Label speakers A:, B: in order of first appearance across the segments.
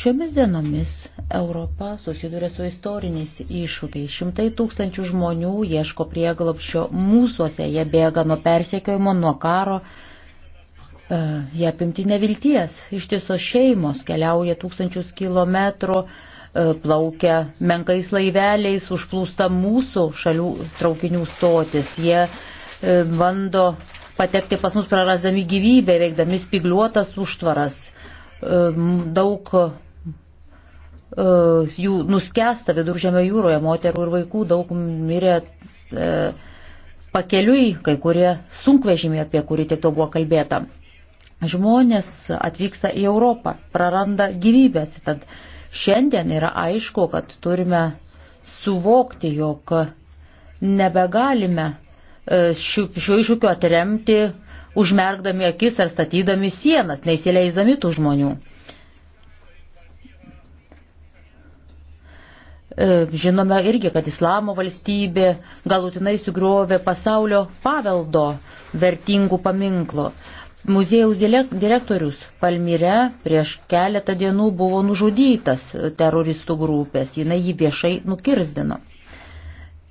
A: Šiomis dienomis Europa susiduria su istoriniais iššūkiais. Šimtai tūkstančių žmonių ieško prieglopščio mūsųse, jie bėga nuo persiekiojimo, nuo karo, e, jie apimti nevilties. Iš tiesų šeimos keliauja tūkstančius kilometrų, e, plaukia menkais laiveliais, užplūsta mūsų šalių traukinių stotis. Jie e, bando patekti pas mus prarasdami gyvybę, veikdami spigliuotas užtvaras. Daug E, jų nuskesta viduržėmio jūroje, moterų ir vaikų daug mirė e, pakeliui, kai kurie sunkvežimiai, apie kurį tiek to buvo kalbėta. Žmonės atvyksta į Europą, praranda gyvybės, tad šiandien yra aišku, kad turime suvokti, jog nebegalime e, šio iššūkio atremti, užmerkdami akis ar statydami sienas, neįsileisdami tų žmonių. E, žinome irgi, kad islamo valstybė galutinai sugriovė pasaulio paveldo vertingų paminklų. Muziejaus direktorius Palmyre prieš keletą dienų buvo nužudytas teroristų grupės, jinai jį viešai nukirzdino.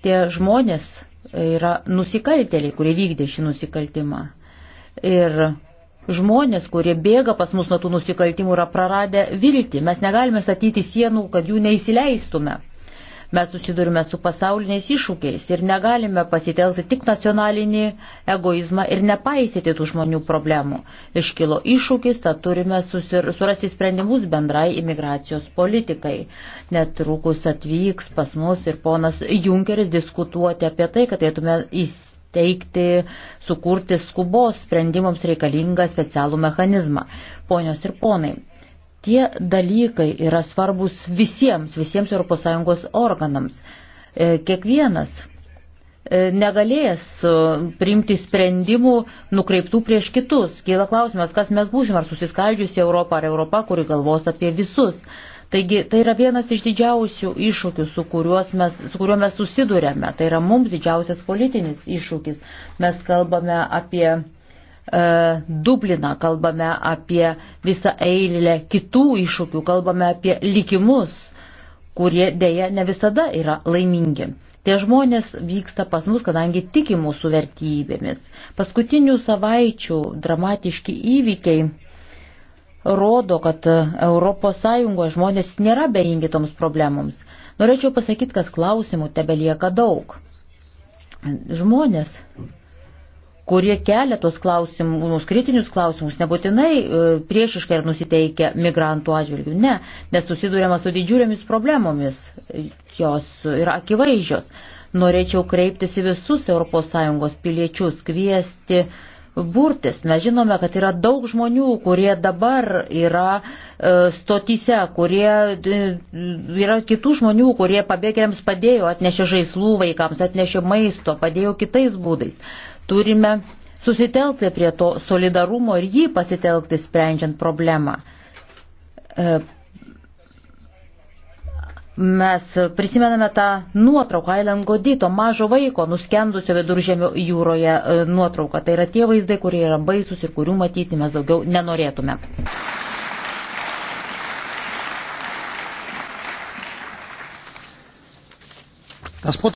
A: Tie žmonės yra nusikaltėliai, kurie vykdė šį nusikaltimą. Ir žmonės, kurie bėga pas mus nuo tų nusikaltimų, yra praradę viltį. Mes negalime statyti sienų, kad jų neįsileistume. Mes susidurime su pasauliniais iššūkiais ir negalime pasitelti tik nacionalinį egoizmą ir nepaisyti tų žmonių problemų. Iškilo iššūkis, tad turime susir, surasti sprendimus bendrai imigracijos politikai. Netrukus atvyks pas mus ir ponas Junkeris diskutuoti apie tai, kad turėtume įsitikinti teikti, sukurti skubos sprendimams reikalingą specialų mechanizmą. Ponios ir ponai, Tie dalykai yra svarbus visiems, visiems ES organams. E, kiekvienas e, negalės e, priimti sprendimų nukreiptų prieš kitus. Kyla klausimas, kas mes būsim, ar susiskaldžiusi Europą, ar Europą, kuri galvos apie visus. Taigi tai yra vienas iš didžiausių iššūkių, su, mes, su kuriuo mes susidurėme. Tai yra mums didžiausias politinis iššūkis. Mes kalbame apie E, Dubliną, kalbame apie visą eilę kitų iššūkių, kalbame apie likimus, kurie dėja ne visada yra laimingi. Tie žmonės vyksta pas mus, kadangi tiki mūsų vertybėmis. Paskutinių savaičių dramatiški įvykiai rodo, kad ES žmonės nėra bejingi toms problemoms. Norėčiau pasakyti, kad klausimų tebe lieka daug. Žmonės kurie kelia tos klausimus, kritinius klausimus, nebūtinai e, priešiškai ir nusiteikia migrantų atžvilgių. Ne, nes susidūrėma su didžiulėmis problemomis, e, jos yra akivaizdžios. Norėčiau kreiptis į visus ES piliečius, kviesti burtis. Mes žinome, kad yra daug žmonių, kurie dabar yra e, stotyse, kurie yra kitų žmonių, kurie pabėgėliams padėjo, atnešė žaislų vaikams, atnešė maisto, padėjo kitais būdais. Turime susitelkti prie to solidarumo ir jį pasitelkti sprendžiant problemą. E, mes prisimename tą nuotrauką Ailen Godito, mažo vaiko, nuskendusio viduržėmio jūroje e, nuotrauką. Tai yra tie vaizdai, kurie yra baisus ir kurių matyti mes daugiau nenorėtume.